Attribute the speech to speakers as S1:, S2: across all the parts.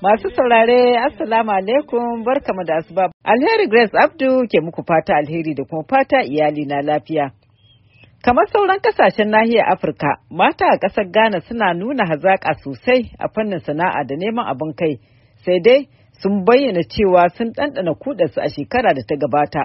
S1: Masu saurare, Assalamu alaikum, barkamu da asuba. Alheri Grace Abdu ke muku fata alheri da kuma fata iyali na lafiya. Kamar sauran kasashen nahiyar Afirka, mata a ƙasar Ghana suna nuna hazaƙa sosai a fannin sana'a da neman abin kai, sai dai sun bayyana cewa sun ɗanɗana kuɗarsu a shekara da ta gabata.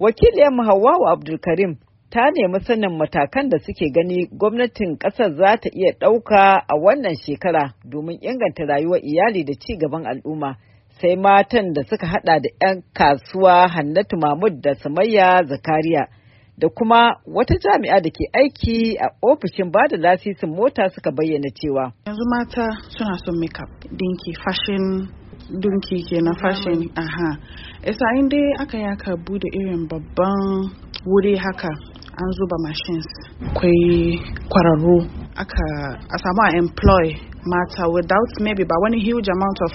S1: Wakiliyar Hawwa Abdulkarim ta nemi sanin matakan da suke gani gwamnatin ƙasar za ta iya ɗauka a wannan shekara domin inganta rayuwar iyali da ci gaban al'umma. sai matan da suka hada da 'yan kasuwa Hannatu Mahmud da Samayya Zakariya da kuma wata jami'a da ke aiki a ofishin bada lasisin mota suka bayyana cewa.
S2: Yanzu mata suna son makeup dinki fashin ke kenan fashin aha. Isa dai aka yaka bude irin babban wuri haka an zuba machines akwai kwararru aka a samu a employ mata without maybe ba wani huge amount of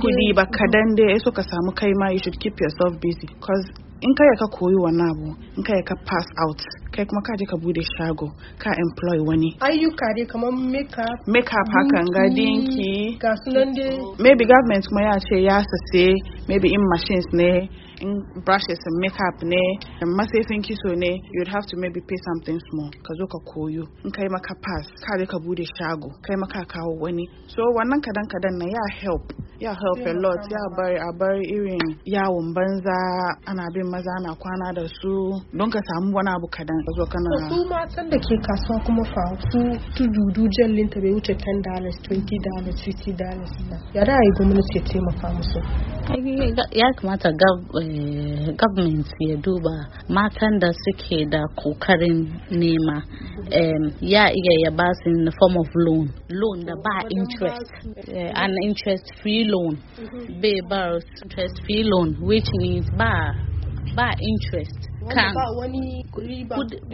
S3: kudi ba kadan
S2: dai so ka samu kai ma you should keep yourself busy because in ka koyi wani abu in kai ka pass out kai kuma ka je ka bude shago ka employ wani ayyuka dai kamar makeup makeup hakan ga dinki ga sunan maybe government kuma ya ce ya sase maybe in machines ne in brushes and makeup ne and masifin kiso ne you'd have to maybe pay something small ka zo ka koyo in kai maka pass ka je ka bude shago kai maka kawo wani so wannan kadan kadan na ya help ya help a lot ya bari a bari irin yawon banza ana bin maza ana kwana da su don ka samu wani abu kadan ka zo kana su
S1: matan da ke
S2: kasuwa kuma fa su tududu jallin ta bai wuce 10 dollars 20 dollars 50 dollars na ya da ai gwamnati ya taimaka musu
S3: ya kamata eh, government ya duba matan da suke da kokarin nema ya iya ya ba su in the form of loan loan da ba interest eh, an interest free loan mhm. bai ba interest free loan which means ba ba interest kan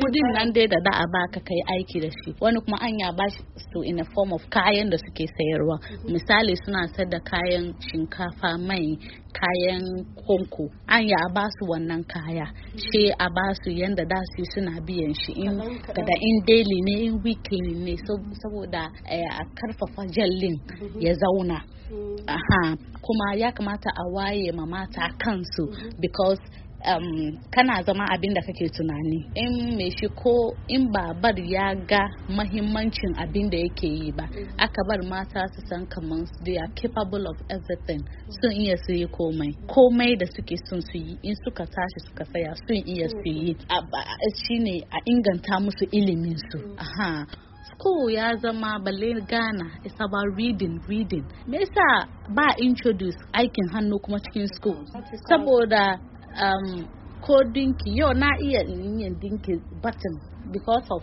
S3: kudin nan dai da da'a baka kai aiki da shi wani kuma an ya bashi su in a form of kayan da suke sayarwa mhm. misali suna sayar da kayan shinkafa mai kayan konko an ya ba su wannan kaya mhm. she a ba su yanda da su suna biyan shi in gada in daily ne in weekly ne saboda eh, a karfafa jallin mhm. ya zauna aha kuma ya kamata a waye ma mata kansu because um, kana zama abin da kake tunani in mai shi ko in ba bar ya ga mahimmancin abin da yake yi ba mm. aka bar mata su san kamar they are capable of everything sun iya su yi komai komai da suke sun su yi in suka tashi suka saya sun iya su yi mm. shine a inganta musu ilimin su mm. school ya zama balle Ghana is about reading reading me yasa ba introduce aikin hannu kuma cikin school saboda um, ko dinki yau na iya yin dinki batin because of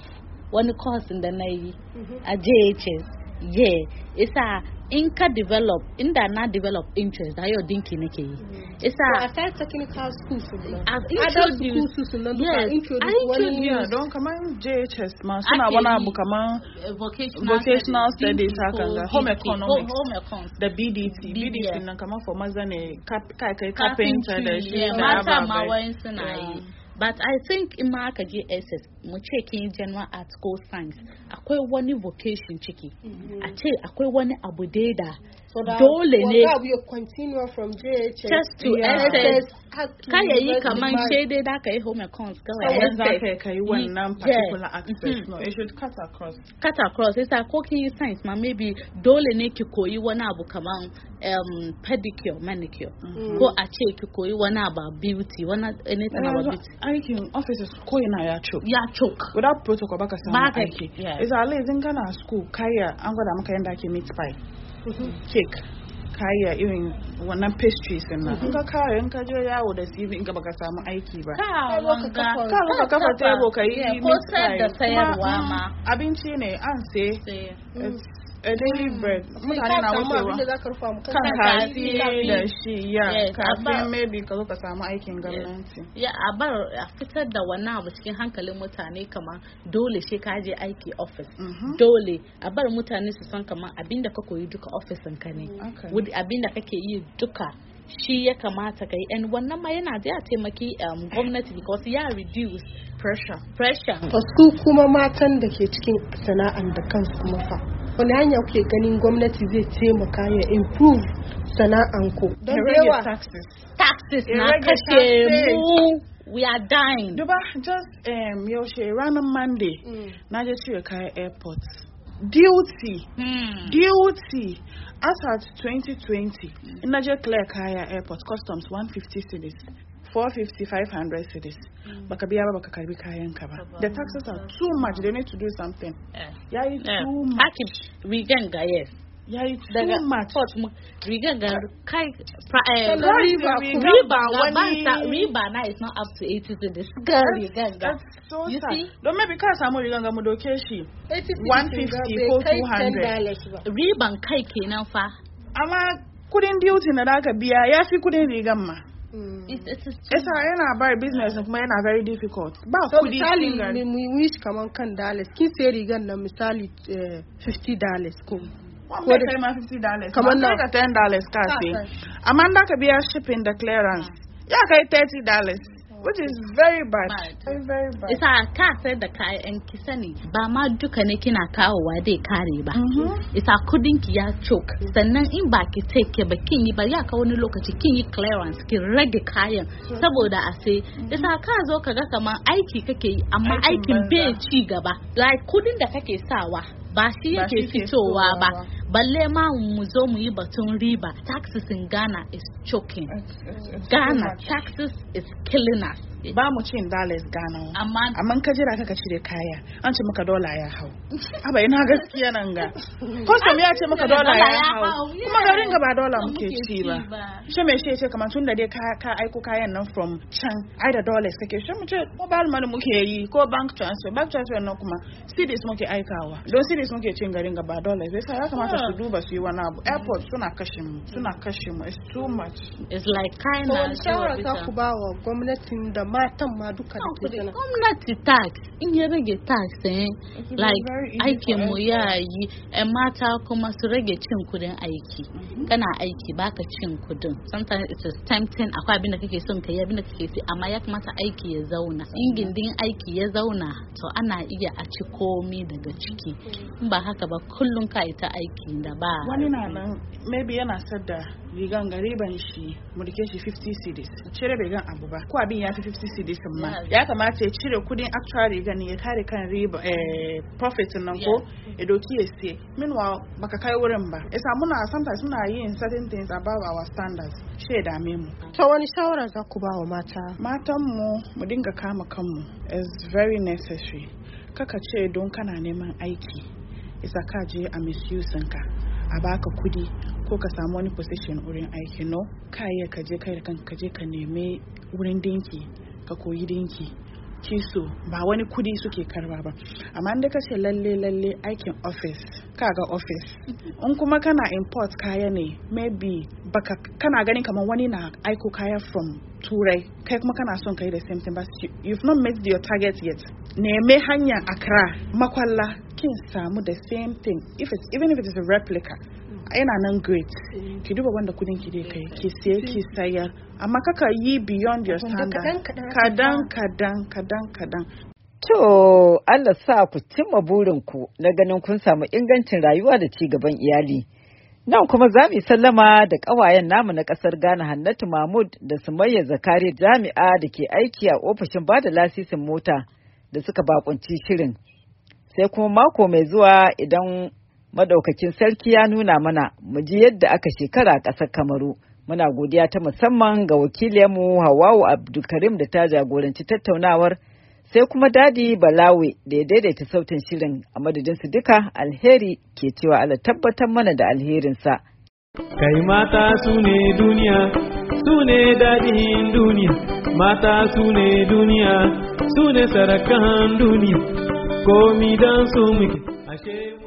S3: wani course da na yi mm-hmm. a JHS yeah isa in ka develop inda na develop interest da yau dinki nake yi mm. isa a sai technical school su adult school su su nan duka introduce wani yeah don
S2: kaman JHS ma suna wani abu kaman
S3: vocational studies haka da oh, home economics
S2: da BDT BDT nan kaman for maza ne kai kai carpenter da shi da mata ma wayan
S3: suna yi but i think in ma aka je ss mu ce kin general article science akwai wani vocation ciki mm-hmm. a ce akwai wani abu dai da dole ne
S2: test to SS kaya yi kaman shaidai
S3: da ka yi home accounts kawai SS za ka kai wannan particular access mm-hmm. no it
S2: should cut across
S3: cut across isa ko kin yi science ma maybe dole ne ki koyi wani abu kaman um, pedicure manicure mm. ko a ce ki koyi wani abu beauty wani anything about beauty
S2: aikin offices ko yana ya choke ya choke without protocol baka samu aiki isa a lazy gana school kaya an gwada maka yadda ake meet pie cake kaya irin wannan pastries din nan ka kare in ka je yawo da CV in ka baka samu aiki ba ka ka kafa table ka yi ko sayar da sayarwa mm. ma abinci ne an sai a hmm. bread mutane na wucewa kan hatsi da shi ya kafin maybe ka zo ka samu aikin gwamnati
S3: ya a bar a fitar da wannan abu cikin hankalin mutane kamar dole shi ka je aiki office mm-hmm. dole a bar mutane su san kamar abinda ka koyi duka ofisin ka ne abinda kake yi duka shi ya kamata ka yi and wannan ma yana da ya taimaki um, gwamnati because ya reduce pressure pressure
S2: kuma matan da ke cikin sana'an da kansu mafa wani hanya kuke ganin gwamnati zai taimaka ya improve
S1: sana'anku
S2: don yawa taxes taxes na kashe mu we are dying duba just um, yaushe ranar monday hmm. na je cire kayan airport duty mm. duty as at 2020 mm. in Niger clear kaya airport customs 150 cities 450-500 cities mm. baka biya ba baka karbi kayan ka ba the taxes are too much they need to do something eh. yayi eh. too much akid rigan ga yes yayi too much port rigan ga
S3: kai riba wani riba na is not up to 80 cities ga rigan ga so you see don maybe ka samu rigan ga mu doke shi
S2: 150 200
S3: riban kai kenan fa
S2: amma kudin duty na da aka biya ya fi kudin rigan ma
S3: Mm. It's, it's,
S2: Esa yana bar business kuma yana very difficult. Ba so kudi misali mun yi kaman kan dollars. Kin sai rigar na misali 50 eh, dollars ko. Wanda kai ma 50 dollars. Kaman na 10 dollars ka sai. Amma da ka biya shipping da clearance. Ya kai 30 dollars. which is very bad. bad.
S3: Very, very bad. Isa ka sai da kayan ki sani
S2: ba ma duka ne kina
S3: kawowa dai kare ba. Mm-hmm. Isa kudin ki ya cok mm-hmm. sannan in ba ki take ba kin yi ba ya ka wani lokaci kin yi clearance ki rage kayan saboda a sai mm-hmm. isa ka zo ka ga kaman aiki kake yi amma aikin bai ci gaba. Like kudin da kake sawa ba shi yake fitowa ba. balle ma mu riba taxes in ghana is choking it's,
S2: it's, it's ghana
S3: taxes is killing us Eh. ba
S2: mu cin dollars gano amma ka jira ka cire kaya an ce maka dola ya hau aba ina gaskiya nan ga custom ya ce maka dola ya hau kuma garin ga ba dola muke ci ba shi mai shi ce kamar tun da dai ka aiko kayan nan from can ai da dollars kake shi mu ce mobile money muke yi ko bank transfer bank transfer nan kuma cedis muke aikawa don cedis muke cin garin ga ba dollars sai ya kamata su duba su yi wani abu airport suna kashe mu suna kashe mu it's too much it's like kind of shawara ta ku ba wa gwamnatin da matan ma duka da oh, prisoner gwamnati tax in ya rage tax eh like aikin
S3: mu ya yi e mata kuma su rage cin kudin aiki mm-hmm. kana aiki baka chi kudin sometimes it is tempting akwai abin da kake son ka yi abin da kake so amma ya kamata aiki ya zauna in gindin aiki ya zauna to ana iya a ci komi daga ciki in mm-hmm. ba haka ba kullum ka ita aiki da ba wani na nan
S2: maybe yana sadda rigan ga ban shi murke shi 50 cedis cire bai gan abu ba ko abin ya fi 50 cedis ma ya kamata ya cire kudin actual rigan ya kare kan riba eh, profit nan ko ya doki ya siye minwa baka kai wurin ba yasa muna sometimes muna yin certain things above our standards da dame mu ta wani shawara za ku ba wa mata matan mu mu dinga kama kanmu is very necessary kaka ce don kana neman aiki isa ka je a misusin a baka kuɗi ko ka samu wani position wurin aiki no ka iya ka je kai da kanka ka je ka nemi wurin dinki ka koyi dinki kitso ba wani kuɗi suke karba ba amma inda ka ce lalle lalle aikin office Ka ga office in kuma kana import kaya ne maybe baka kana ganin kamar wani na aiko kaya from turai kai kuma kana son kai da same thing but you've not met your target yet neme hanyar accra makwalla kin samu the same thing if it's even if it is a replica yana nan great ki duba wanda kudin ki dai kai ki sayar ki sayar amma kaka yi beyond your standard kadan kadan kadan kadan
S1: To, Allah sa ku cimma burinku na ganin kun samu ingancin rayuwa da ci gaban iyali. Nan kuma za mu sallama da ƙawayen namu na ƙasar Ghana Hannatu Mahmud da Sumayya Zakari jami'a da ke aiki a ofishin bada lasisin mota da suka bakunci shirin. Sai kuma mako mai zuwa idan madaukakin sarki ya nuna mana mu ji yadda aka shekara a ƙasar Kamaru. Muna godiya ta musamman ga wakiliyarmu Hawawu Abdulkarim da ta jagoranci tattaunawar. sai kuma dadi balawe da ya daidaita sautin shirin a madadinsu duka alheri ke cewa ala tabbatar mana da alherinsa. Kai mata su ne duniya, su ne daɗin duniya, mata su ne duniya, su ne sarakan duniya, komi don su muke.